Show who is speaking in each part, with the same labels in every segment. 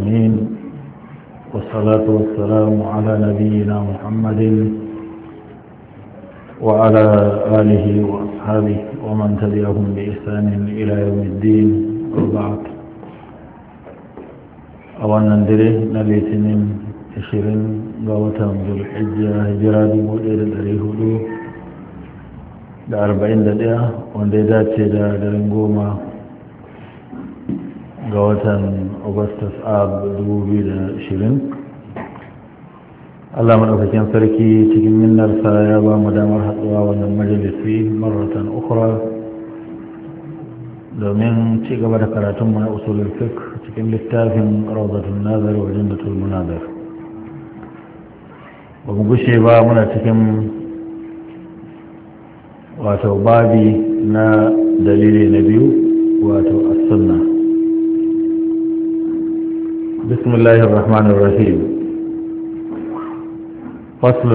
Speaker 1: العالمين والصلاة والسلام على نبينا محمد وعلى آله وأصحابه ومن تبعهم بإحسان إلى يوم الدين وبعد أولا ندري نبي سنين عشرين قوتهم ذو الحجة هجرات مولد دريه دو da arba'in da ɗaya wanda ya dace da daren goma ga watan augustus ab 2020 allah maɗaukakin sarki cikin minnarsa ya ba mu damar haɗuwa wannan majalisi maratan ukura domin ci gaba da karatunmu na usulul fiqh cikin littafin rawdatun nazar wa jannatul munazar ba mu gushe ba muna cikin wato babi na dalili na biyu wato as-sunnah بسم الله الرحمن الرحيم فصل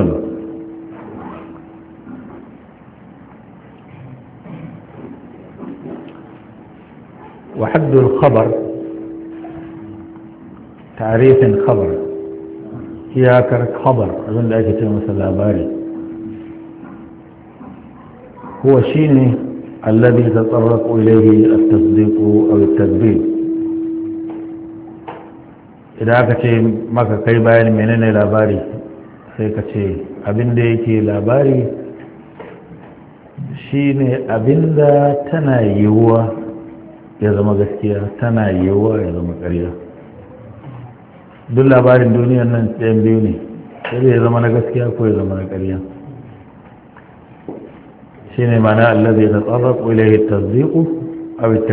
Speaker 1: وحد الخبر تعريف خبر هي كرك خبر عند أي شيء مثل الأباري هو شيء الذي تطرق إليه التصديق أو التدبير idan aka ce maka kai bayan menene labari sai ka ce abin da yake labari shi ne abin da tana yiwuwa ya zama gaskiya tana yiwuwa ya zama ƙarya duk labarin duniyar nan ɗayan biyu ne sai ya zama na gaskiya ko ya zama na ƙarya shine mana allazi na tsarraku ilaihi tazziku aw at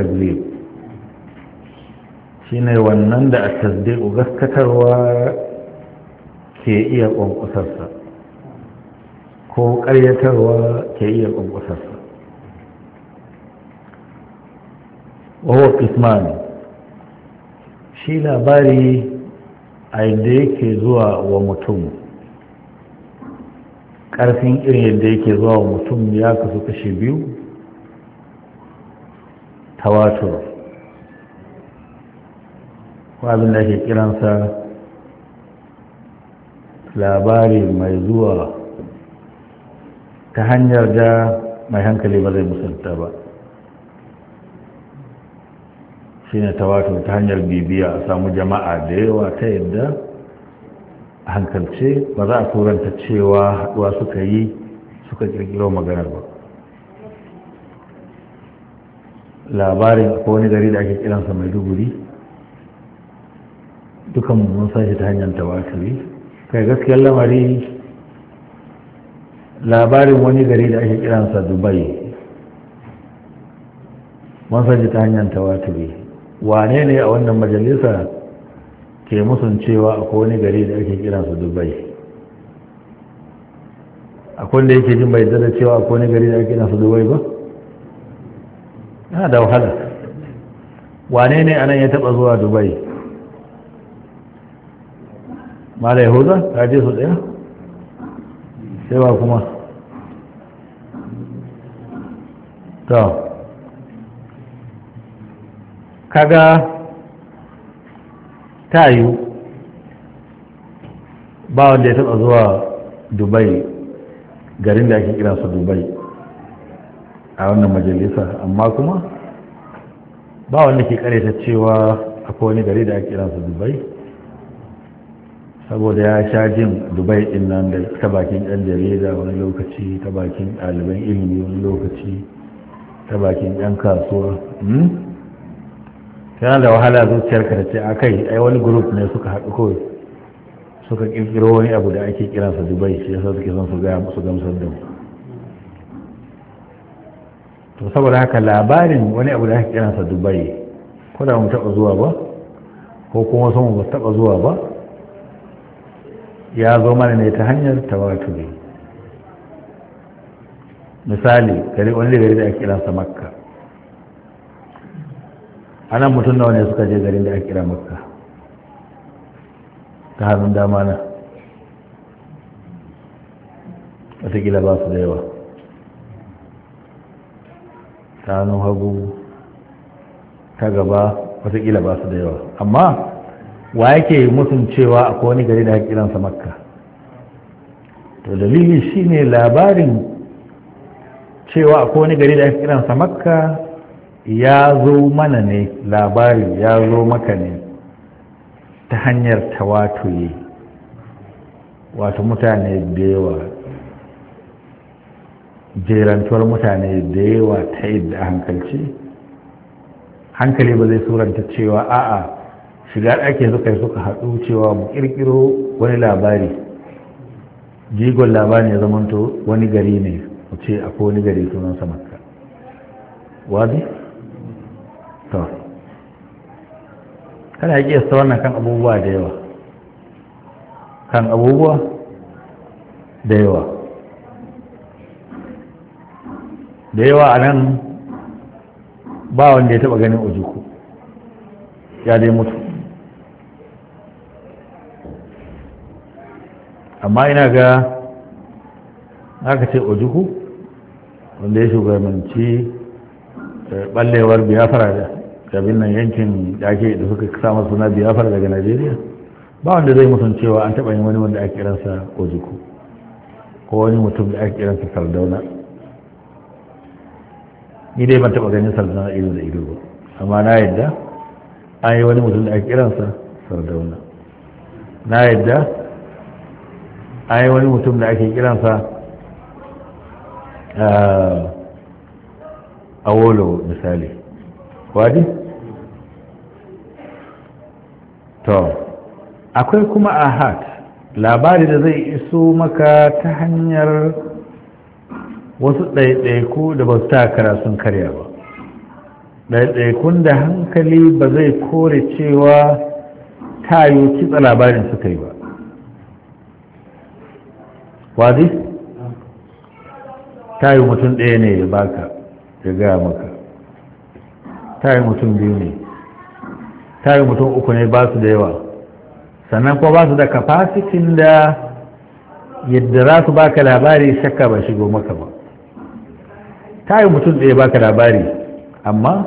Speaker 1: shine wannan da a tasdiku gaskatarwa ke iya ƙwanƙusarsa, ko ƙaryatarwa ke iya ƙwanƙusarsa wawo kisman shi labari a yadda yake zuwa wa mutum ƙarfin irin yadda yake zuwa wa mutum ya kasu kashi biyu tawatur ko abin da ake kiransa labari mai zuwa ta hanyar da mai hankali ba zai musanta ba shi ne wato ta hanyar bibiya a samu jama'a da yawa ta yadda a hankalce ba za a turanta cewa haɗuwa suka yi suka ƙirƙiro maganar ba labarin ko wani gari da ake kiransa mai duguri dukan mun sashi ta hanyar tawakali kai gaskiyar lamari labarin wani gari da ake kiransa dubai mun sashi ta hanyar tawakali wane ne a wannan majalisa ke musun cewa akwai wani gari da ake kiransa dubai akwai da yake jin bai da cewa akwai wani gari da ake kiransa dubai ba na da wahala wane ne anan ya taba zuwa dubai mara yahuda ta je su daya? sai ba kuma ta kaga ta yiwu ba wanda ya taɓa zuwa dubai garin da ake kira su dubai a wannan majalisa amma kuma ba wanda ke ta cewa akwai wani gari da ake kira su dubai saboda ya sha jin dubai din nan da ta bakin yan jarida wani lokaci ta bakin ɗaliban ilimi wani lokaci ta bakin yan kasuwa hmm? tana da wahala zuciyar ka da ce akai ai wani group ne suka haɗu kawai suka kirkiro wani abu da ake kiransa dubai shi yasa suke son su gaya musu gamsar da mu to saboda haka labarin wani abu da ake kiransa dubai ko da mu taɓa zuwa ba ko kuma sun ba taɓa zuwa ba ya zo mana ne ta hanyar tawaturi misali gari wani gari da ake kiransa makka ana mutum nawa ne suka je garin da ake kira makka ta hannun dama na watakila ba su da yawa ta hannun hagu ta gaba watakila ba su da yawa amma wa yake musun cewa akwai wani gari da sa makka to dalili shine labarin cewa akwai wani gari da sa makka ya zo mana ne labari ya zo maka ne ta hanyar tawatuye wato mutane da yawa jerantuwar mutane da yawa ta yadda hankalci hankali ba zai suranta cewa a'a shiga ɗaki suka yi suka haɗu cewa mu ƙirƙiro wani labari jigon labari ya zamanto wani gari ne mu ce ko wani gari sunan sa makka to kana yake yasta wannan kan abubuwa da yawa kan abubuwa da yawa da yawa a nan ba wanda ya taɓa ganin ojuku ya dai mutu amma ina ga aka ce ojuku wanda ya shugabanci eh, ɓallewar biyafara da gabin nan yankin da ake da suka samu suna biyafara daga najeriya ba wanda zai musun cewa an taɓa yin wani wanda ake kiransa ojuku ko wani mutum da ake kiransa sardauna ni dai ban taɓa ganin sardauna ido da ido ba amma na yadda an yi wani mutum da ake kiransa sardauna na yadda ai wani mutum da ake kiransa eh, a wolo misali wadi? to akwai kuma a hat labari da zai iso maka ta hanyar wasu ɗaiɗaiku da ba su takara sun karya ba ɗaiɗaikun da hankali ba zai kore cewa tayo kitsa labarin suka yi ba wadi ta yi mutum ɗaya ne ya baka ya gaya maka ta yi mutum biyu ne ta yi mutum uku ne ba su da yawa sannan kuma ba su da kafasitin da yadda za su baka labari shakka ba shigo maka ba ta yi mutum ɗaya baka labari amma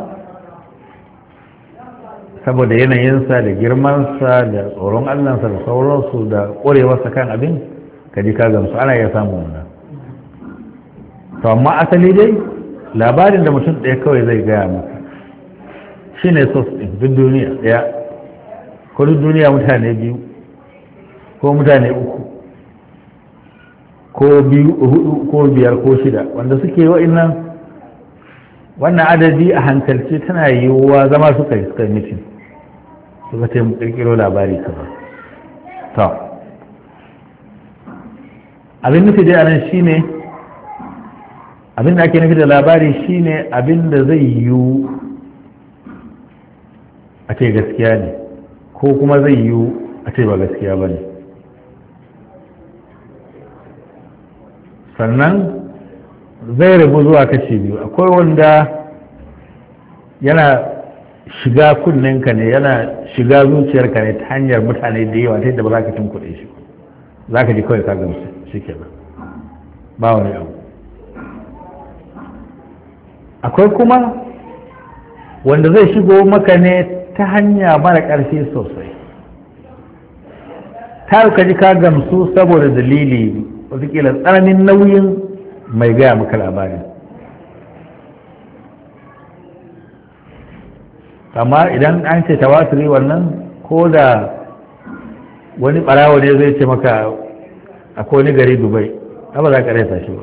Speaker 1: saboda yanayinsa da girmansa da tsoron allansa da sauransu da ƙorewarsa kan abin ka ji ka gamsu ana iya samun wannan to amma asali dai labarin da mutum ɗaya kawai zai gaya maka shi ne sos ɗin duk duniya ɗaya ko duk duniya mutane biyu ko mutane uku ko biyu hudu ko biyar ko shida wanda suke wa'innan wannan adadi a hankalce tana yiwuwa zama suka yi suka mitin suka ce mu labari kaza
Speaker 2: abin nufi dai anan shine
Speaker 1: abin da ake nufi da labari shine abin da zai yiwu a ce gaskiya ne ko kuma zai yiwu a ce ba gaskiya ba ne sannan zai rabu zuwa kashi biyu akwai wanda yana shiga ka ne yana shiga zuciyarka ne ta hanyar mutane da yawa ta yadda ba za ka tun kuɗe shi za ka ji kawai ka gamsu kenan ba wani abu akwai kuma wanda zai shigo maka ne ta hanya mara ƙarfi sosai ta ka ji ka gamsu saboda dalili wataƙila tsananin nauyin mai gaya maka labarin amma idan an ce tawasiri wannan ko da wani ɓarawo ne zai ce maka akwai wani gari dubai ba za ka rasa shi ba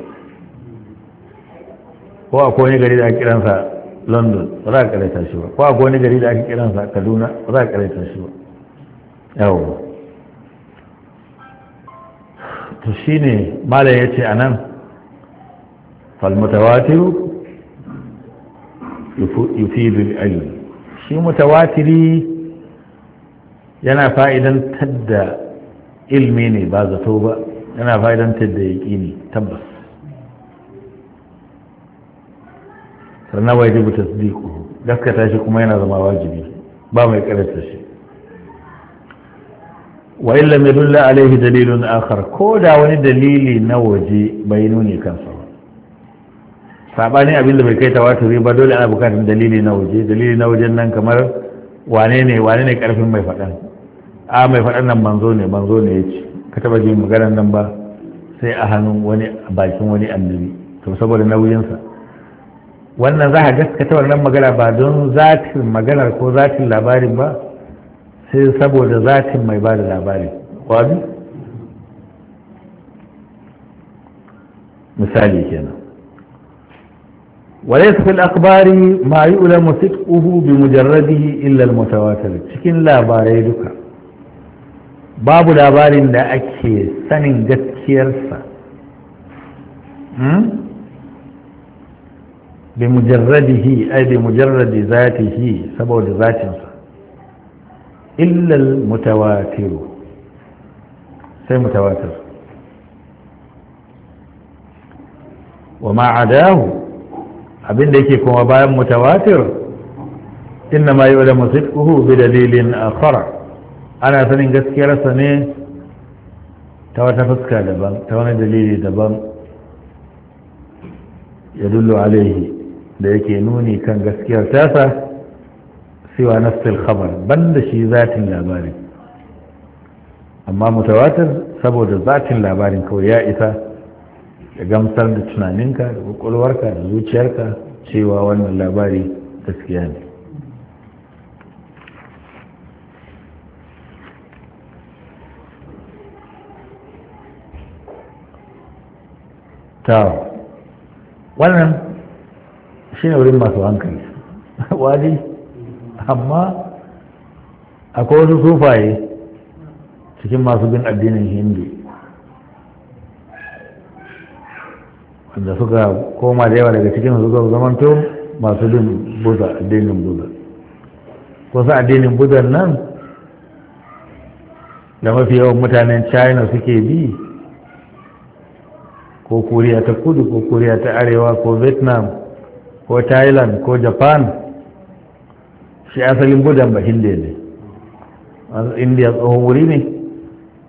Speaker 1: ko akwai wani gari da ake kiransa london ba za ka rasa shi ba ko akwai wani gari da ake kiransa kaduna ba za ka rasa shi ba yawo to shi ne malam ya ce a nan falmutawatiru yufidul ilm shi mutawatiri yana fa'idantar da ilmi ne ba zato ba yana fa'idantar da ne tabbas sannan jibu ta tasdiqu gaskata shi kuma yana zama wajibi ba mai karanta shi wa illa mai dulla alaihi dalilun akhar ko da wani dalili na waje bai nuni kansa ba sabanin abin da bai kai tawaturi ba dole ana bukatar dalili na waje dalili na wajen nan kamar wane ne wane ne karfin mai faɗan a mai faɗan nan manzo ne manzo ne ya ce ka taba jin maganar nan ba sai a hannun wani bakin wani annabi to saboda nauyinsa wannan za a gaskata wannan magana ba don zatin maganar ko zatin labarin ba sai saboda zatin mai ba da labari kwabi misali kenan su وليس في الأخبار ما يؤلم bi بمجرده illar المتواتر cikin labarai duka. babu labarin da ake sanin gaskiyarsa hmm? bi mujarradihi ai bi mujarradi zatihi saboda zatinsa illal mutawatiru sai mutawatir wa ma'adahu da yake kuma bayan mutawatir inna ma yi wa da musidquhu bi dalilin akhara ana sanin gaskiyarsa ne ta wata fuska daban ta wani dalili daban ya dullo alaihi da yake nuni kan gaskiyar tasa siwa nafsil khabar banda shi zatin labari amma mutawatir saboda zatin labarin kawai ya isa ya gamsar da tunaninka da kwakwalwarka da zuciyarka cewa wannan labari gaskiya ne Tawa wannan shi ne wurin masu hankali wadi amma akwai wasu sufaye cikin masu bin addinin hindu wanda suka koma da yawa daga cikin suka zamanto masu bin buza addinin buza kusa addinin budan nan da mafi yawan mutanen china suke bi ko koriya ta kudu ko koriya ta arewa ko vietnam ko thailand ko japan shi asalin gudan ba hindi ne indiya tsohon wuri ne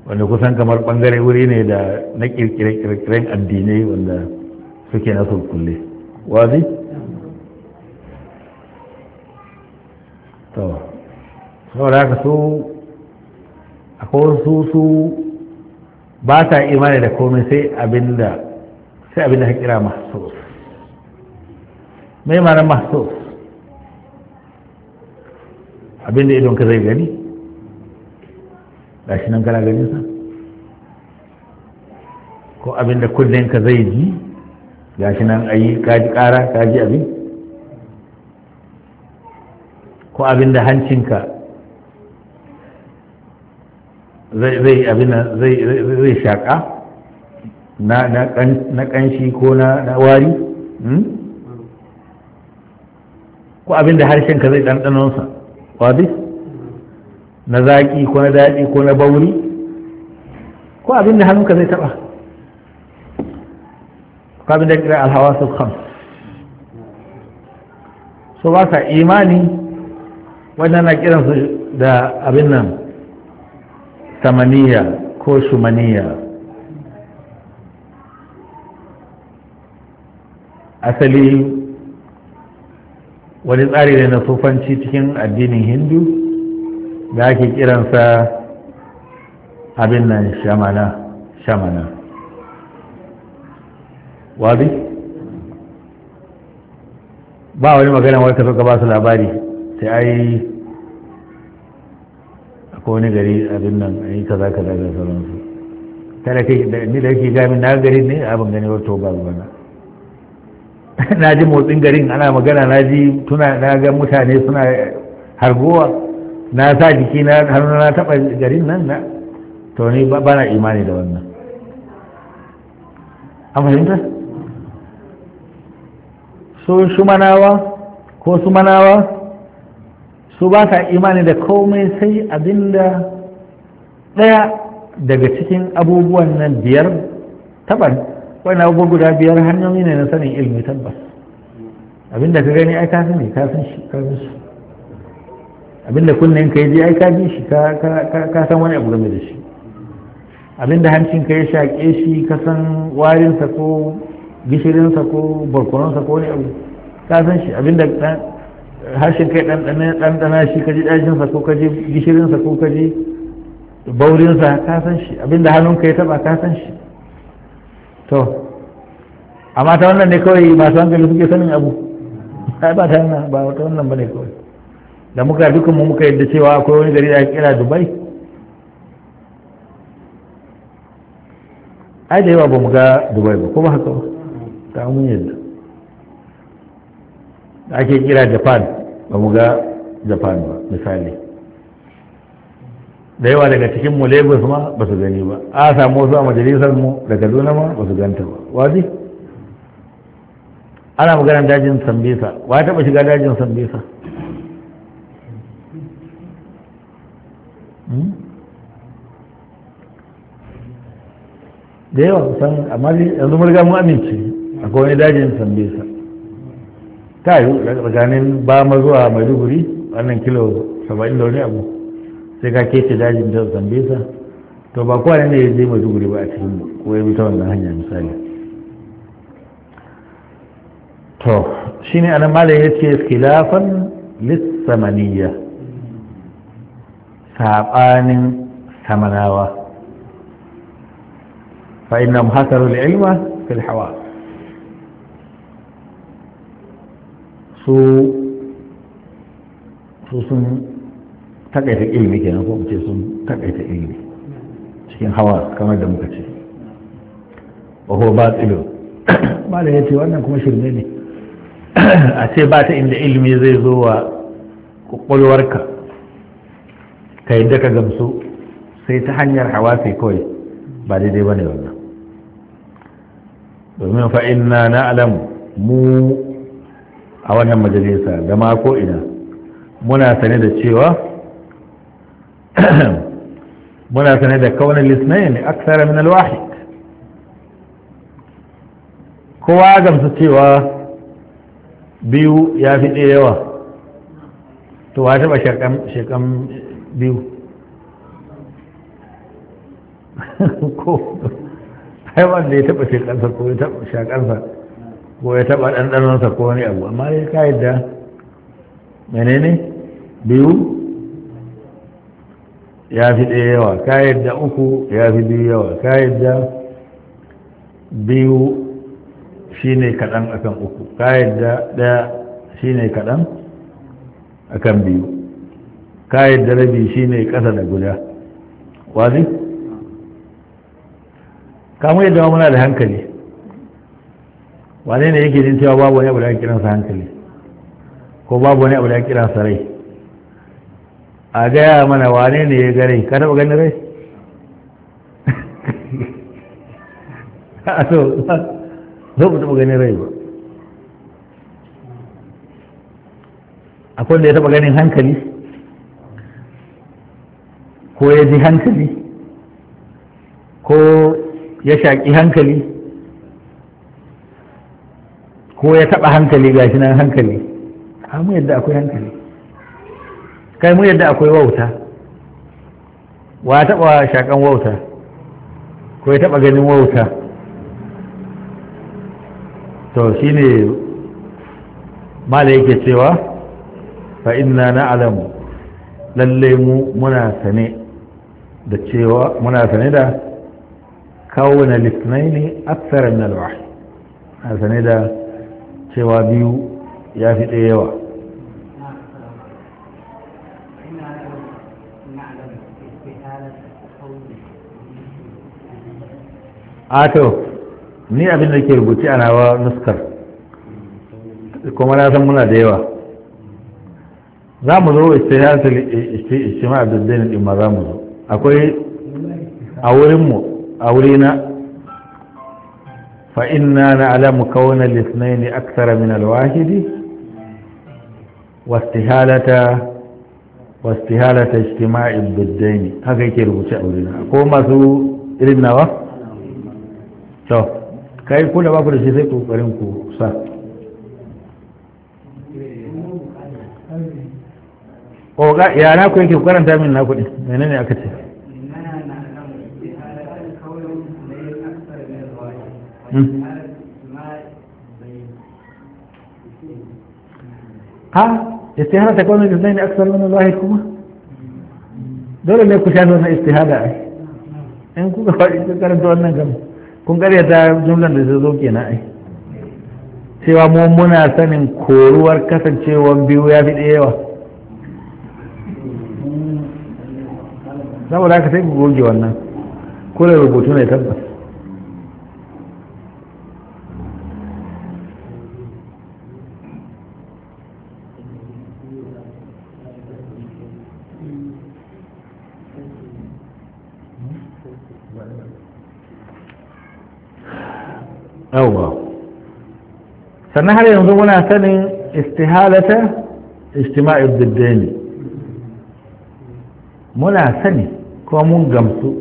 Speaker 1: wanda kusan kamar bangare wuri ne da na kirkire-kirkiren addinai wanda suke na sulkulle wazi? to saboda haka su akwai su su ba ta imani da komai sai abinda sai abin da ka kira mahsus mai ma'anar mahsus abin da idonka zai gani gashi nan kana ganin sa ko abin da ka zai ji gashi nan ayi kaji kara kaji abin ko abin da hancinka zai abin zai shaƙa na ƙanshi ko na wari hmm? ko abin da harshen ka zai ɗanɗanonsa wadis na zaƙi ko na daɗi ko na bauri ko abin da hannunka zai taɓa ko abin da kira alhawa su kan so ba sa imani wannan na kiransu da abin nan samaniya ko shumaniya asali wani tsari ne na sufanci cikin addinin hindu da ake kiransa abin nan shamana shamana wabi ba wani magana wani ka ka ba su labari sai ai akwai wani gari abin nan ai kaza kaza da sauransu kada kai ni da ke gami na gari ne abin gani wato ba na na ji motsin garin ana magana na ji tuna na ga mutane suna hargowa na sa jiki na hannu na taɓa garin nan na to ni ba na imani da wannan an fahimta su manawa ko su manawa su ba ka imani da komai sai abinda ɗaya daga cikin abubuwan nan biyar taɓa wani abubuwa guda biyar hanyoyi ne na sanin ilmi tabbas abinda ka gani ai ka sani ka san shi ka san shi abinda kunnen ka ji ai ka bi shi ka san wani abu game da shi abinda hancin ka ya shaƙe shi ka san warinsa ko gishirinsa ko barkononsa ko wani abu ka san shi abinda harshen kai ɗanɗana shi ka ji ɗajinsa ko ka ji gishirinsa ko ka ji baurinsa ka san shi abinda hannun ka ya taɓa ka san shi to amma ta wannan ne kawai masu hankali suke sanin abu ai ba ta wannan ba ta wannan bane kawai da muka dukkan mu muka yadda cewa akwai wani gari da ake kira Dubai ai da yawa ba mu ga Dubai ba ko ba haka ba ta mun yadda ake kira Japan ba mu ga Japan ba misali da yawa daga cikin mu lagos ma ba su gani ba a samu wasu a majalisar mu da kaduna ma ba su ganta ba wazi ana maganar dajin sambisa wa taɓa shiga dajin sambisa hmm? da yawa san amma yanzu mun riga mun amince akwai wani dajin sambisa ta yi tsakanin ba mazuwa mai maiduguri wannan kilo 70 da wani abu sai ka kece dajin da zambesa to ba kowa ne ya je maiduguri ba a cikin ko ya bi ta wannan hanya misali to shine anan malam ya ce khilafan lissamaniya saɓanin samanawa ina muhasarar ilma, في hawa. su sun takaita ilimi kenan ko ce sun takaita ilimi cikin hawa kamar da muka ce ko ba wa ba batilu ya yace wannan kuma shirme ne a ce ba ta inda ilimi zai zo wa kwakwalwarka ka yadda ka gamsu sai ta hanyar hawa sai kawai ba daidai ba ne wannan domin fa'in na na'alam mu a wannan majalisa da ma ina muna sane da cewa ولكن هذا كون الاثنين اكثر من الواحد كو جم ستيوا بيو يا في ديوا تو واجب شكم شكم بيو كو هاي اللي تبقى في الخلفه كو تبقى شكم كو تبقى ان انا تكوني ابو ما هي قاعده منين بيو ya fi ɗaya yawa ka yadda uku ya fi biyu yawa ka yadda biyu shi ne kaɗan a kan uku ka yadda ɗaya shi ne kaɗan a kan biyu ka yadda rabi shi ne ƙasa da guda wazi? kamu yadda muna da hankali wane ne yake jin cewa babu wani abu da kiransa hankali ko babu wani abu da kiransa rai a gaya mana wane ne ya gare ka taba ganin rai a so zo ku taba ganin rai ba akwai da ya taba ganin hankali ko ya ji hankali ko ya shaƙi hankali ko ya taɓa hankali gashi nan hankali amma yadda akwai hankali kai mu yadda akwai wauta wa taɓa shakan wauta ko ya taɓa ganin wauta to shi ne mala yake cewa fa inna na alamu lalle mu muna sane da cewa muna sane da kawuna litnai ne tsarin nalwa a sane da cewa biyu ya fi ɗaya yawa Ato ni abin da ke rubuci a nawa nuskar kuma na san muna da yawa za mu zo istihasul istima a daddain din ma za mu zo akwai a wurinmu a wurina fa inna na alamu kauna lisnaini aksara min alwahidi واستهالة واستهالة اجتماع الضدين haka يكي ربوشة a wurina ko masu irin nawa. to kai ku da ba ku da shi sai kokarin ku sa oga yara ku yake karanta min na kuɗi menene aka ce hmm? ha istihara ta kawai da ne aksar min lahi kuma dole ne ku sha na istihara ai in kuka faɗi karanta wannan gama kun karyata jumla da ta zo kenan ai cewa mu muna sanin koruwar kasancewar biyu ya fi ɗaya yawa saboda haka sai ku goge wannan ko da rubutu ne tabbas yawwa sannan har yanzu muna sanin istihalata ijtima'i diddani muna sani kuma mun gamsu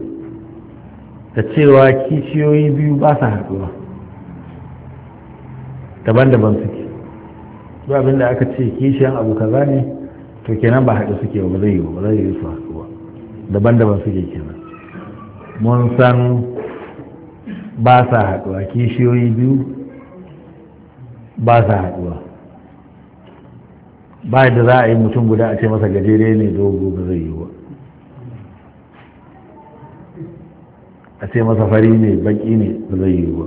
Speaker 1: da cewa kishiyoyi biyu ba sa haɗuwa daban-daban suke zuwa abin da aka ce kishiyan abu kaza ne to kenan ba haɗu suke ba zai yi ba zai yi su haɗuwa daban-daban suke kenan mun san ba sa haɗuwa kishiyoyi biyu ba sa haɗuwa ba da za a yi mutum guda a ce masa gajere ne dogo ba zai yi ba a ce masa fari ne baki ne ba zai yi ba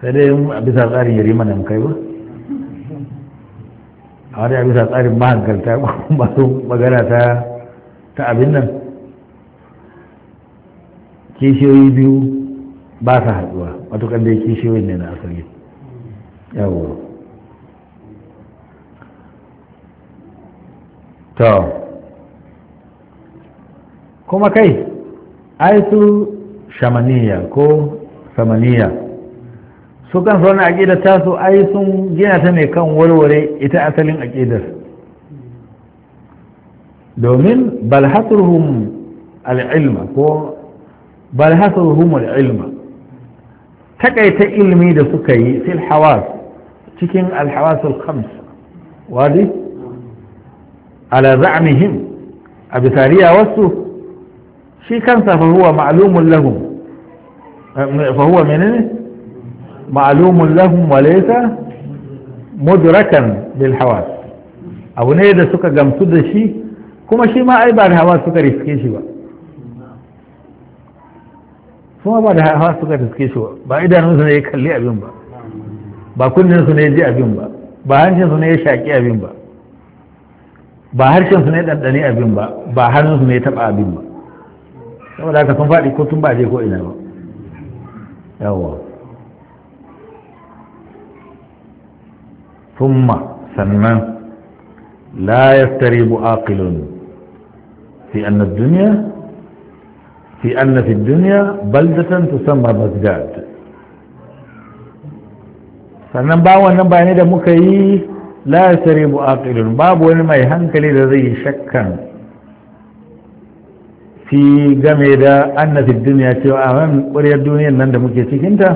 Speaker 1: sai dai a bisa tsarin yari mana kai ba a wani a bisa tsarin mahankalta masu magana ta ta abin nan kishiyoyi biyu ba sa haɗuwa matuƙan da ya kishiyoyin ne na asali yawo to kuma kai aitu shamaniya ko samaniya su kan a aƙidar tasu ai sun gina ta ne kan warware ita asalin aƙidar domin balhasruhum ilma ko takaita ilmi da suka yi fil hawas cikin alhawasul khams wadi ala za'mihim a bisariya wasu shi kansa fa huwa ma'lumun lahum fa huwa menene ma'lumun lahum wa laysa mudrakan bil hawas abu ne da suka gamsu da shi kuma shi ma ai ba da suka riske shi ba kuma ba da hawa suka taske shi ba idanunsu ne ya kalli abin ba ba kunninsu ne ya ji abin ba ba hancinsu ne ya shaƙi abin ba ba harshensu ne ya ɗanɗane abin ba ba hannunsu ne ya taɓa abin ba saboda haka sun faɗi ko sun ba je ko ina ba yawwa thumma sannan la yastaribu aqilun fi anna ad-dunya في أن في الدنيا بلدة تسمى بغداد sannan ba wannan bayanai da muka yi la sare bu aqilun babu wani mai hankali da zai shakkan fi game da annafi duniya cewa a nan ƙuryar duniyar nan da muke cikinta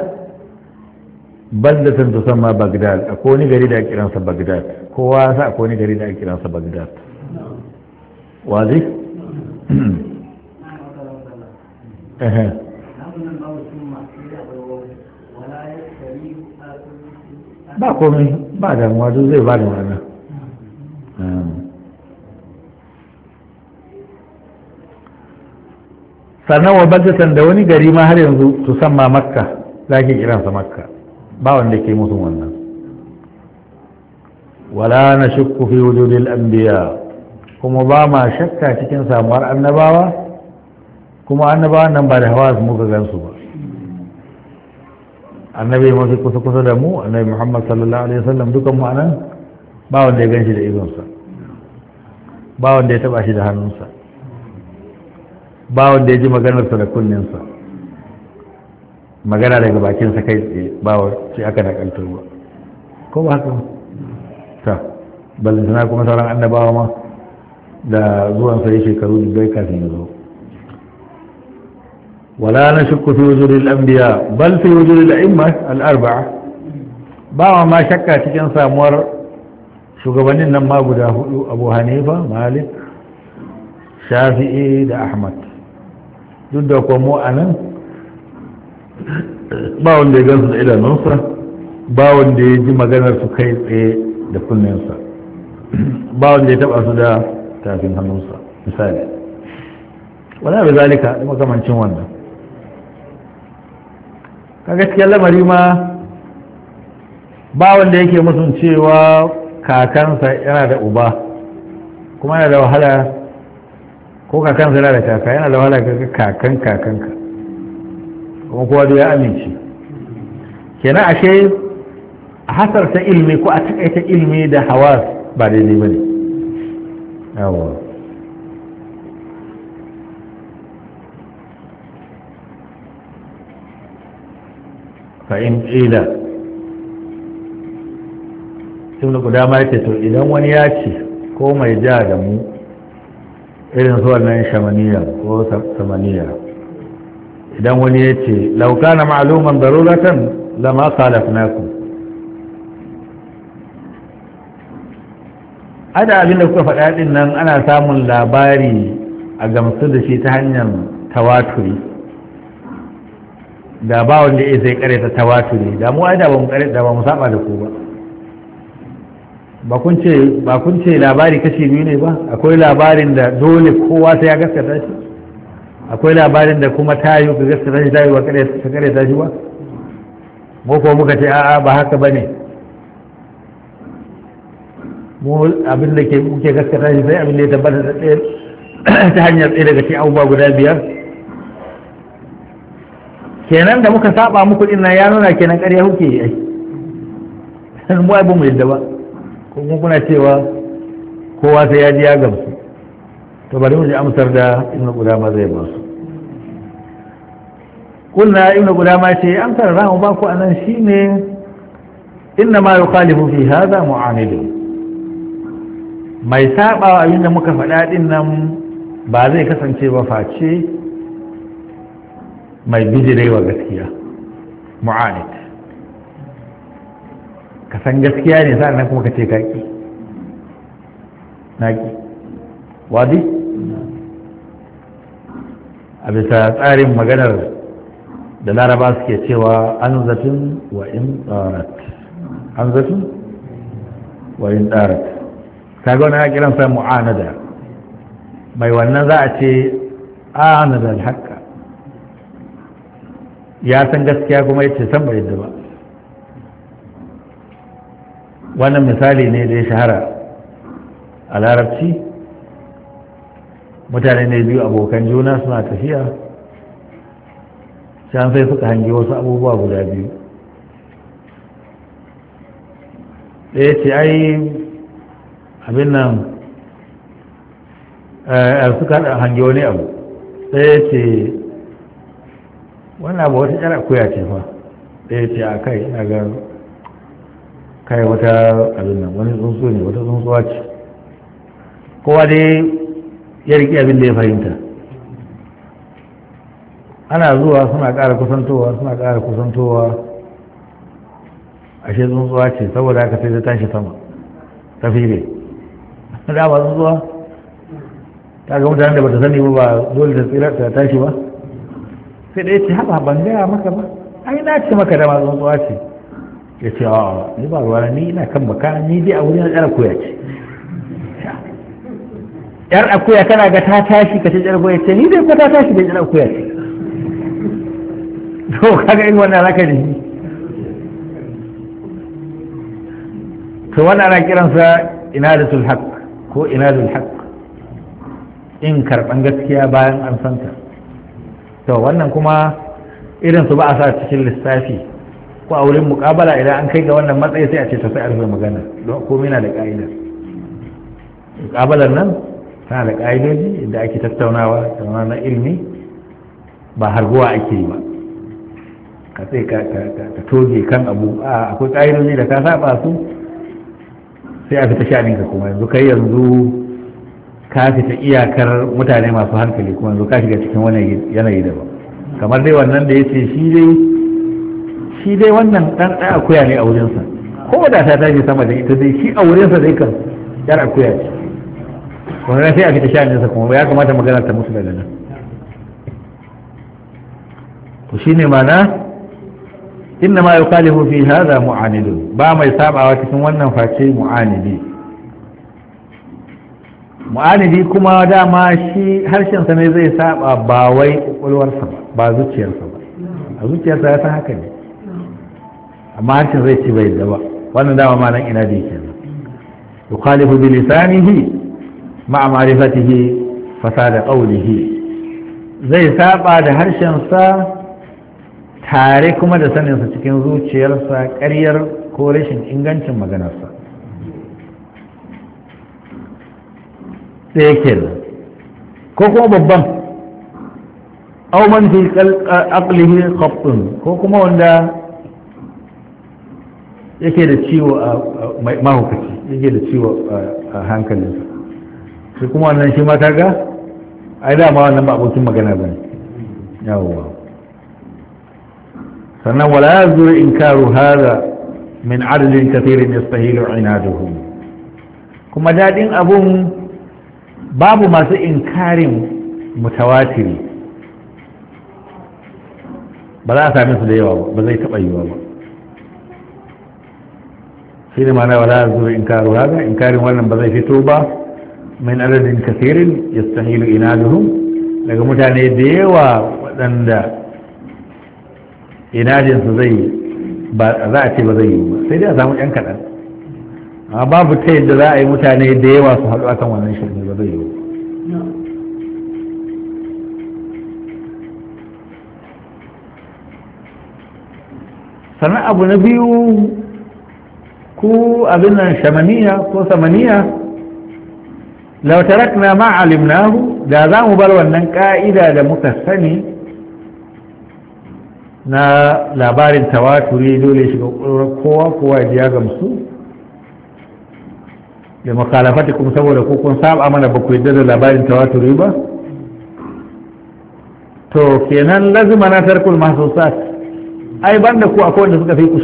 Speaker 1: baldatan tusamma bagdad akwai wani gari da kiransa bagdad kowa sa akwai wani gari da kiransa bagdad wazi ba komai ba damuwa duk zai ba da ehm. sannan wa baldatan da wani gari ma har yanzu su san ma makka za ki kiransa makka ba wanda ke musu wannan wala na shukku fi wujudil anbiya kuma ba ma shakka cikin samuwar annabawa kuma annabawan nan ba da hawa muka gan su ba annabi mafi kusa kusa da mu annabi muhammad sallallahu alaihi wasallam dukan mu anan ba wanda ya gan shi da idonsa ba wanda ya taba shi da hannunsa ba wanda ya ji maganarsa da kunninsa magana daga bakinsa kai tsaye ba wacce aka nakaltar ba ko ba haka ta balantana kuma sauran annabawa ma da zuwan sai shekaru dubbai kafin ya zo ولا نشك في وجود الأنبياء بل في وجود الأئمة الأربعة باوا ما شكا cikin samuwar shugabannin nan ma guda hudu Abu Hanifa Malik Shafi'i da Ahmad duk da kuma anan ba wanda ya gansu da idanunsa ba wanda ya ji maganar su kai tsaye da kunninsa ba wanda ya taba su da tafin hannunsa misali wala bi zalika da makamancin wannan ka gaskiyar lamari ma ba wanda yake musun cewa kakansa yana da uba kuma yana da wahala ko kakansa yana da kaka yana da wahala ga kakan kakanka kuma kowa ya amince kenan ashe a hasarta ilmi ko a takaita ilmi da hawa ba daidai ba ne fa'in ƙila sun da guda ma to idan wani ya ce ko mai ja da mu irin zuwa nan shamaniya ko samaniya idan wani ya ce lauka na ma'aluman daruratan lama kalafnaku ada abin da kuka faɗa ɗin nan ana samun labari a gamsu da shi ta hanyar tawaturi da ba wanda ya sai kareta ne, da mu ai da ba mu kareta ba mu saba da ku ba ba kun ce ba kun ce labari kashi biyu ne ba akwai labarin da dole kowa sai ya gaskata shi akwai labarin da kuma tayu ka gaskata shi tayu ba kare ta shi ba mu ko muka ce a'a ba haka bane mu abin da ke muke gaskata shi sai abin da ya tabbata ta hanyar tsaye daga cikin abubuwa guda biyar kenan da muka saba muku din nan ya nuna kenan ƙarya kuke yi mu ai mu yadda ba kuma kuna cewa kowa sai ya ji ya gamsu to bari mu ji amsar da ibnu qudama zai ba su kunna ibnu qudama ce amsar da mu ba ku anan shine inna ma yuqalifu fi hadha mu'anid mai saba da muka faɗa din nan ba zai kasance ba face mai bijirewa gaskiya mu'anid ka san gaskiya ne sa'an kuma ka ce kaki naki wadi a bisa tsarin maganar da laraba suke cewa an zafin wa in tsarat an zafin wa in tsarat ta gona kiran sa mu'anada mai wannan za a ce anada alhaq ya san gaskiya kuma ya ce san bai yadda ba wannan misali ne da ya shahara a larabci mutane ne biyu abokan juna suna tafiya can sai suka hangi wasu abubuwa guda biyu ɗaya ce ai abin nan eh, suka hangi wani abu ɗaya ce wannan ba wata yar akuya ce fa ya ce a kai ina ga kai wata abin nan wani tsuntsu ne wata tsuntsuwa ce kowa dai ya riƙe abin da ya fahimta ana zuwa suna ƙara kusantowa suna ƙara kusantowa ashe tsuntsuwa ce saboda haka sai ta tashi sama ta fire dama tsuntsuwa ta ga mutanen da bata sani ba dole ta tsira ta tashi ba sai da ya ce haɓa ban gaya maka ba ai na ce maka da mazan tsuwa ce ya ce a ni ba ruwa ni ina kan baka ni dai a wurin yar akuya ce yar akuya kana ga ta tashi ka ce yar akuya ce ni dai ka ta tashi da yar akuya ce to kaga in wannan zaka ji to wannan ana kiransa inadatul haqq ko da haqq in karɓan gaskiya bayan an santa to wannan kuma irin su ba a sa cikin lissafi ko a wurin mukabala idan an kai ga wannan matsayi sai a ce ta sai a rufe magana don komai na da ka'idar mukabalar nan tana da ka'idoji da ake tattaunawa tattauna na ilimi ba harguwa ake yi ba ka sai ka toge kan abu a akwai ka'idoji da ka saba su sai a fita sha'aninka kuma yanzu kai yanzu ka fita iyakar mutane masu hankali kuma zo ka shiga cikin wani yanayi da ba kamar dai wannan da ya ce shi dai shi dai wannan dan dan akuya ne a wurinsa ko da ta tashi sama da ita dai shi a wurinsa dai kan yar akuya ce na sai a fita nesa kuma ya kamata magana ta musu daga nan to ne mana inna ma yuqalihu fi hadha mu'anidun ba mai sabawa cikin wannan face mu'anidi mu'anidi kuma dama shi harshensa ne zai saba ba wai kwakwalwarsa ba zuciyarsa ba a zuciyarsa ya san haka ne amma harshen zai ci bai ba wannan dama ma nan ina da yake yukhalifu bi lisanihi ma ma'rifatihi fasada qawlihi zai saba da harshensa tare kuma da saninsa cikin zuciyarsa ƙaryar ko rashin ingancin maganarsa yake kenan ko kuma babban au man fi aqlihi khabtun ko kuma wanda yake da ciwo a mahukaci yake da ciwo a hankalinsa shi kuma wannan shi ma kaga ai dama wannan ba abokin magana ba ne yawwa sannan wala yazuru inkaru hada min adadin kathirin yastahilu inaduhu kuma dadin abun babu masu inkarin mutawatiri ba za a sami su da yawa ba zai taɓa yiwa ba shi ne mana ba za a zo inkaru haka inkarin wannan ba zai fito ba min adadin kasirin ya stahilu ina daga mutane da yawa waɗanda inajinsu zai ba za a ce ba zai yi ba sai dai a samu 'yan kaɗan amma babu ta yadda za a yi mutane da yawa su haɗu akan wannan shirin sannan abu na biyu ko abin nan shamaniya ko samaniya lautarak na ma alimnahu da za mu bar wannan ka'ida da muka sani na labarin tawaturi dole shiga kowa kowa ya gamsu da makalafati kuma saboda ko kun saba mana ba ku yadda da labarin tawaturi ba to kenan lazima na tarkul sati ai ban da ku akwai wanda suka fi ku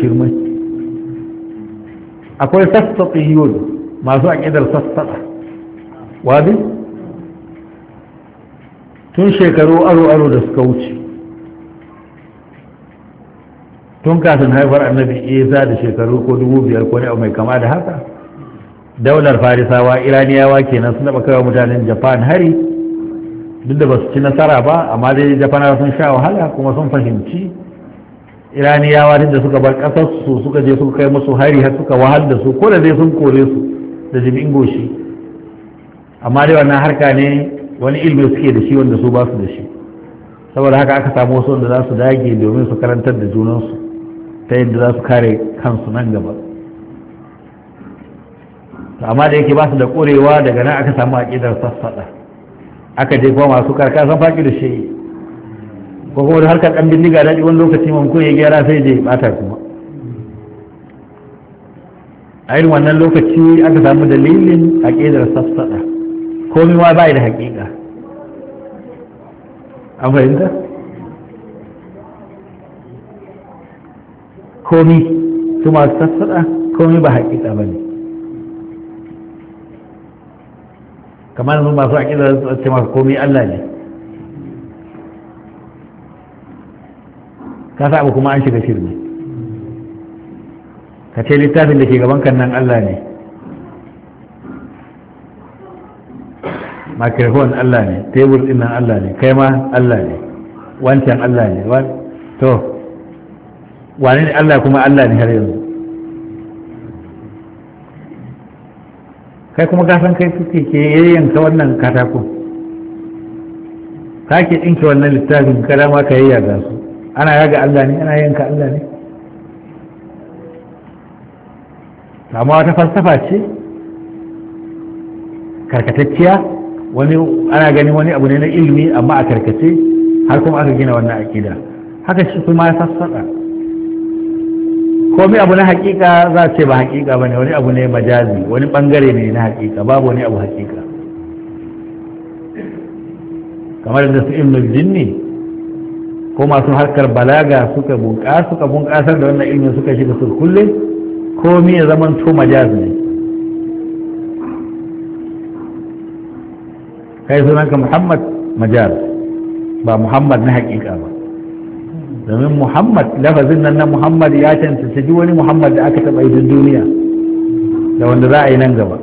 Speaker 1: akwai akwai yiwu masu ƙidar sassaɓa wadi tun shekaru aro-aro da suka wuce tun kafin haifar annabi isa da shekaru ko dubu biyar ko ne mai kama da haka daular farisawa iraniyawa kenan sun taɓa mutanen japan hari duk da ba su ci nasara ba amma dai japanawa sun sha wahala kuma sun fahimci iraniyawa da suka bar kasar su suka je suka kai musu hari har suka wahal da su ko da dai sun kore su da jimin goshi amma dai wannan harka ne wani ilmi suke da shi wanda su ba su da shi saboda haka aka samu wasu wanda za su dage domin su karantar da junansu ta yadda za su kare kansu nan gaba amma da yake ba su da korewa daga nan aka samu aƙidar sassaɗa aka je kuma masu san faƙi da shi ko kuma da harkar ɗan bindiga daɗi wani lokaci mun ya gyara sai je bata kuma a irin wannan lokaci aka samu dalilin haƙidar sassaɗa komai ma ba da haƙiƙa an fahimta komi su masu sassaɗa komi ba haƙiƙa ba ne kamar yanzu masu haƙiƙa su ce masu komi Allah ne ka sa abu kuma an shiga shirme ka ce littafin da ke gaban kan nan Allah ne microphone Allah ne tebur din nan Allah ne kai ma Allah ne wancan Allah ne to wane ne Allah kuma Allah ne har yanzu kai kuma ka san kai suke ke yayyanka wannan katako ka ke ɗinke wannan littafin kada ma ka yayyaga su ana yaga Allah ne ana yanka Allah ne amma wata falsafa ce karkatacciya wani ana ganin wani abu ne na ilimi amma a karkace har kuma aka gina wannan aƙida haka shi kuma ya sassaka komai abu na hakika za ce ba hakika ba ne wani abu ne majazi wani bangare ne na hakika babu wani abu hakika kamar da su ibn jinni ko masu harkar balaga suka suka bunƙasar da wannan ilmin suka shiga su kulle ko miya zaman to majaz ne kai sunanka muhammad majaz ba muhammad na hakika ba domin muhammad lafazin nan na muhammad ya cancanci duk wani muhammad da aka taɓa yi duniya da wanda za a yi nan gaba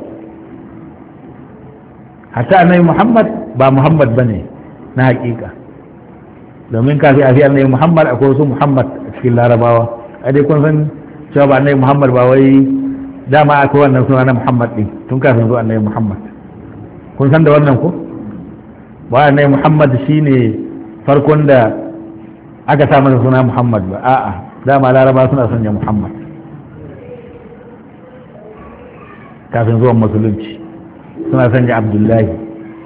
Speaker 1: hatta annabi muhammad ba muhammad ba ne na hakika domin kafin a fi annabi muhammad a wasu muhammad a cikin larabawa a dai kun san cewa ba annabi muhammad ba wai dama akwai wannan suna na muhammad din tun kafin zuwa annabi muhammad kun san da wannan ko ba annabi muhammad shine farkon da aka sa masa suna muhammad ba a'a dama laraba suna sanya muhammad kafin zuwan musulunci suna sanya abdullahi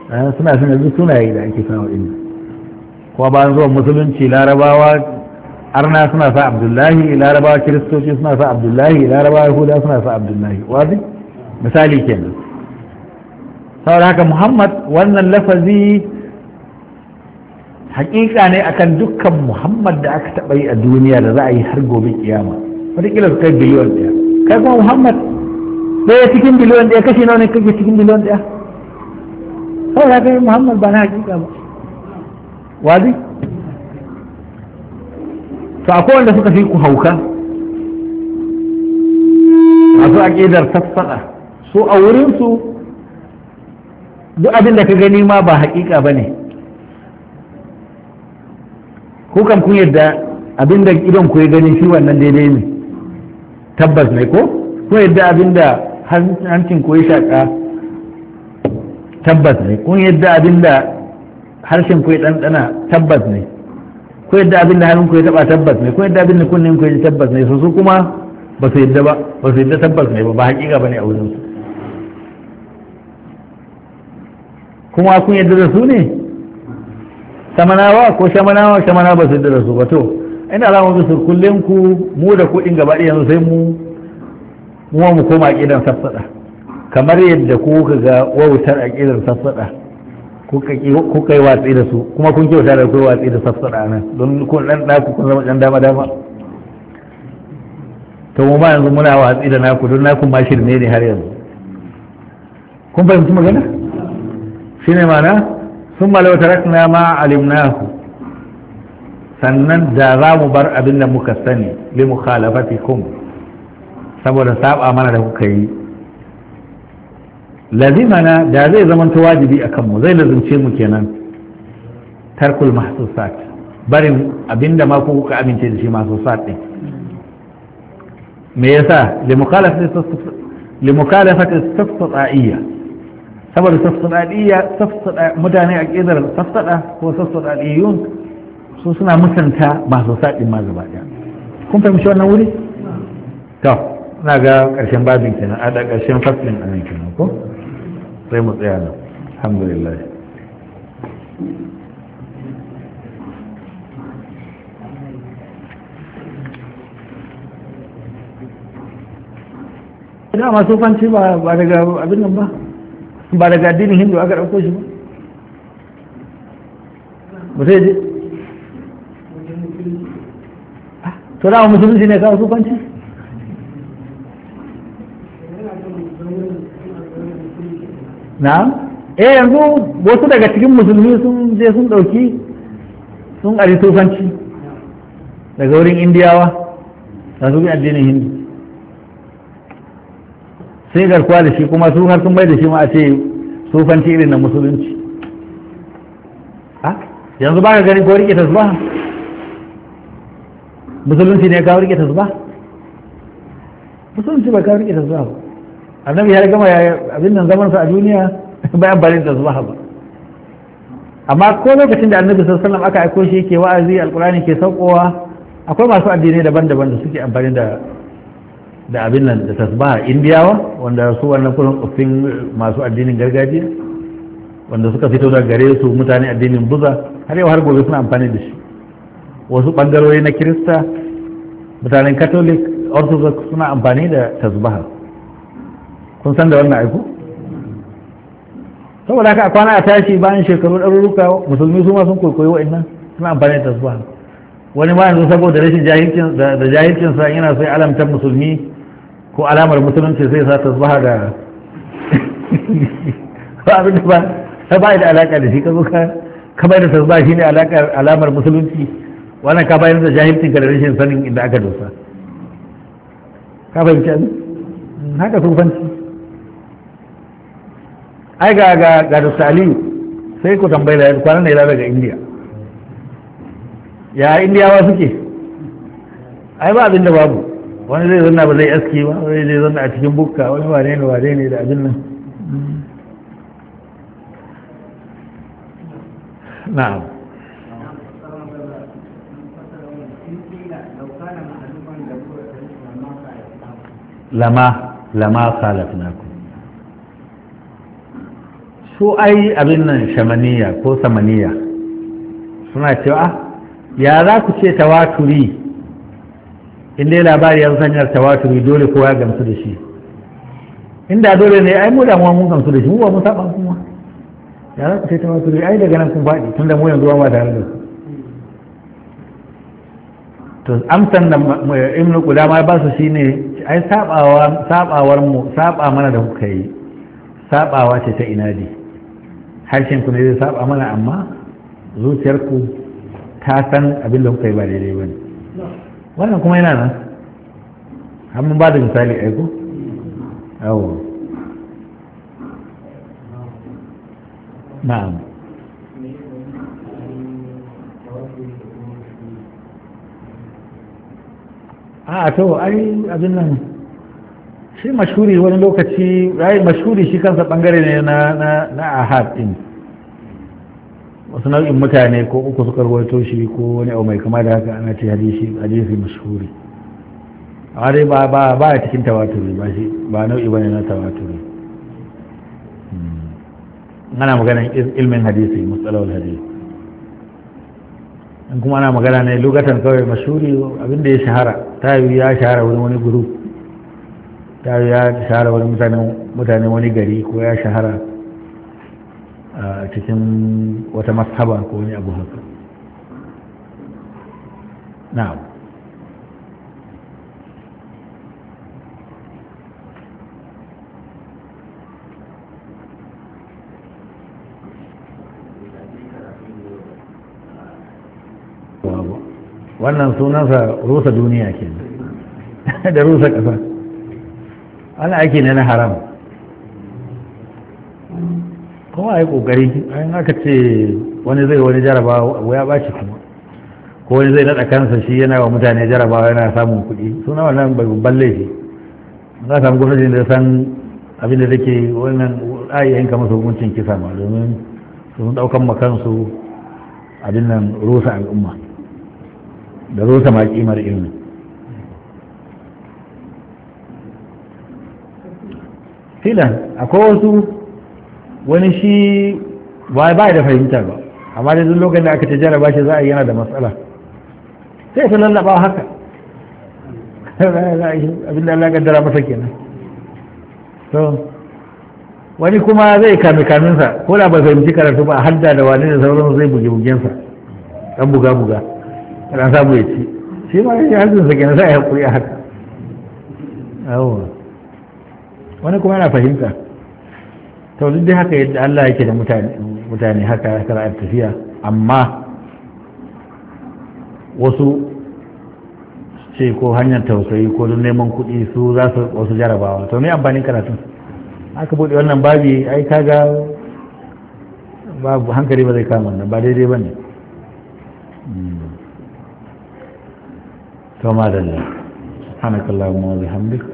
Speaker 1: eh, suna sanya zuwa sunaye da ake sanar inda kuma bayan zuwan musulunci larabawa arna suna sa abdullahi larabawa kiristoci suna sa abdullahi larabawa yahuda suna sa abdullahi wazi misali kenan saboda haka muhammad wannan lafazi hakika ne akan dukkan muhammad da aka taɓa yi a duniya da za a yi har gobe kiyama wataƙila su kai biliyon ɗaya kai kuma muhammad ɗaya cikin biliyon ɗaya kashi nawa ne kake cikin biliyon ɗaya saboda haka muhammad ba na hakika ba wazi to akwai wanda suka fi ku hauka masu aƙidar sassaka su a wurinsu duk abin da ka gani ma ba haƙiƙa ba ne kukan kun yadda abin da idon ku ya gani shi wannan daidai ne tabbas ne ko kun yadda abin da hancin ku ya shaƙa tabbas ne kun yadda abin da harshen ku ya ɗanɗana tabbas ne ko yadda abin da hannun ku ya taɓa tabbas ne ko yadda abin da kunnen ku ya tabbas ne su kuma ba su yadda ba ba su yadda tabbas ne ba ba haƙiƙa ba ne a wurinsu kuma kun yadda da su ne samanawa ko shamanawa Samanawa ba su yadda da su ba to ina alama da su kullum ku mu da kuɗin gaba ɗaya sai mu mu mu koma aƙidan sassaɗa kamar yadda ku ga wautar aƙidan sassaɗa kuka yi watsi da su kuma kun kyauta da kai watsi da da nan don kun ɗan ɗaku kun zama ɗan dama dama to mu ma yanzu muna watsi da naku don naku ma shirme ne har yanzu kun fahimci magana shi ne mana sun malau tarakna ma alimnahu sannan da za mu bar abin da muka sani li mukhalafatikum saboda saba mana da kuka yi lazimana da zai zama ta wajibi a kanmu zai lazimce mu kenan tarkul mahsusat barin abinda ma kuka amince da shi mahsusat din me yasa limukalafa ta iya saboda iya sassaɗa mutane a ƙidar sassaɗa ko sassaɗa'iyyun su suna musanta masu ɗin ma gaba ɗaya kun fahimci wannan wuri to na ga ƙarshen babin kenan a da ƙarshen fasilin a nan kenan ko sai mu tsaya nan alhamdulillah ina dama sufanci ba daga abin nan ba ba daga addinin hindu aka ɗauko shi ba ba sai je ah, to da musulunci ne kawo sufanci na eh yanzu wasu daga cikin musulmi sun je sun ɗauki sun ari tufanci daga wurin indiyawa da su bi addinin hindu sai garkuwa da shi kuma su har sun bai da shi ma a ce tufanci irin na musulunci ah, yanzu ba ka gani ko rike tasba musulunci ne ka rike ba? musulunci ba ka rike tasba ba annabi ya gama abin nan zamansa a duniya bayan barin da zuwa ba amma ko lokacin da annabi sallallahu alaihi aka aiko shi yake wa'azi alqur'ani ke saukowa akwai masu addinai daban-daban da suke amfani da da abin nan da tasbaha indiyawa wanda su wannan kullum tsoffin masu addinin gargajiya wanda suka fito da gare su mutane addinin buza har yau har gobe suna amfani da shi wasu bangarori na kirista mutanen catholic orthodox suna amfani da tasbaha kun san da wannan aiko saboda haka kwana a tashi bayan shekaru ɗaruruka musulmi su ma sun wa wa'annan suna amfani da tasbaha wani ma yanzu saboda rashin jahilcin da jahilcin sa yana sai alamtar musulmi ko alamar musulunci sai sa tasbaha da ba abin da ba ba da alaka da shi ka zo ka kamar da tasbaha shine alakar alamar musulunci wannan ka bayar da jahilcin ka da rashin sanin inda aka dosa ka fahimci haka fanci ai ga ga ga da aliyu sai ku tambayi da kwanan ne ya daga indiya ya indiyawa suke ai ba abin da babu wani zai zanna ba zai aski ba wani zai zanna a cikin bukka wani wane ne wane ne da abin nan na'am lama lama khalafnakum su ai abin nan shamaniya ko samaniya suna cewa ah, ya za ku ce tawaturi inda ya labari ya sanyar tawaturi dole kowa ya gamsu da shi inda dole ne ai mu da mun gamsu da shi mu ba mu saba kuma ya za ku ce tawaturi ai daga nan kun faɗi tun da mu yanzu ba tare da su to amsan da ibnu qudama ba su shine ai sabawar mu saba mana da kuka yi sabawa ce ta inadi harshen ku ne zai saba mana amma zuciyarku ta san abin da kuka yi ba daidai ba ne wannan kuma yana nan har mun ba da misali aiko awo na'am a to ai abin nan shi mashuri wani lokaci rai mashuri shi kansa bangare ne na na ahad din wasu nau'in mutane ko uku suka rawaito shi ko wani abu mai kama da haka ana ce hadisi hadisi mashuri amma dai ba ba ba cikin tawaturi ba shi ba nau'i bane na tawaturi hmm. ana magana ilmin hadisi matsalar hadisi in kuma ana magana ne lokacin kawai mashuri abinda ya shahara ta yi ya shahara wani wani guru ta ya shahara wani mutane wani gari ko ya shahara a cikin wata masaba ko wani abu haka abu wannan sunansa rusa duniya ke da rusa ƙasa ana aiki ne na haram kuma a yi ƙoƙari an aka ce wani zai wani jarabawa ya kuma ko wani zai nada kansa shi yana wa mutane jarabawa yana samun kuɗi suna wannan babban laifi za samu gwamnati da san abin da take wannan ayyayin kamar su hukuncin kisa ma domin sun ɗaukan makansu abin nan rusa al'umma da rusa ma kimar ilmi filan akwai wasu wani shi ba ya da fahimta ba amma da duk lokacin da aka ta jaraba shi za a yana da matsala sai ta lallaba haka abinda Allah kaddara masa kenan to wani kuma zai kame kaminsa ko da ba fahimci karatu ba hadda da wani da sauran zai buge bugensa dan buga buga dan samu ya ci shi ma ya hadin sa kenan sai ya kuya haka yawwa wani kuma yana fahimta ta wajen dai haka yadda Allah yake da mutane haka kara tafiya amma wasu ce ko hanyar tausayi ko don neman kuɗi su za su wasu jarabawa to ne amfanin karatun aka buɗe wannan babi ai kaga babu hankali ba zai kama wannan ba daidai ba ne hmm. to ma madalla kallon wa bihamdika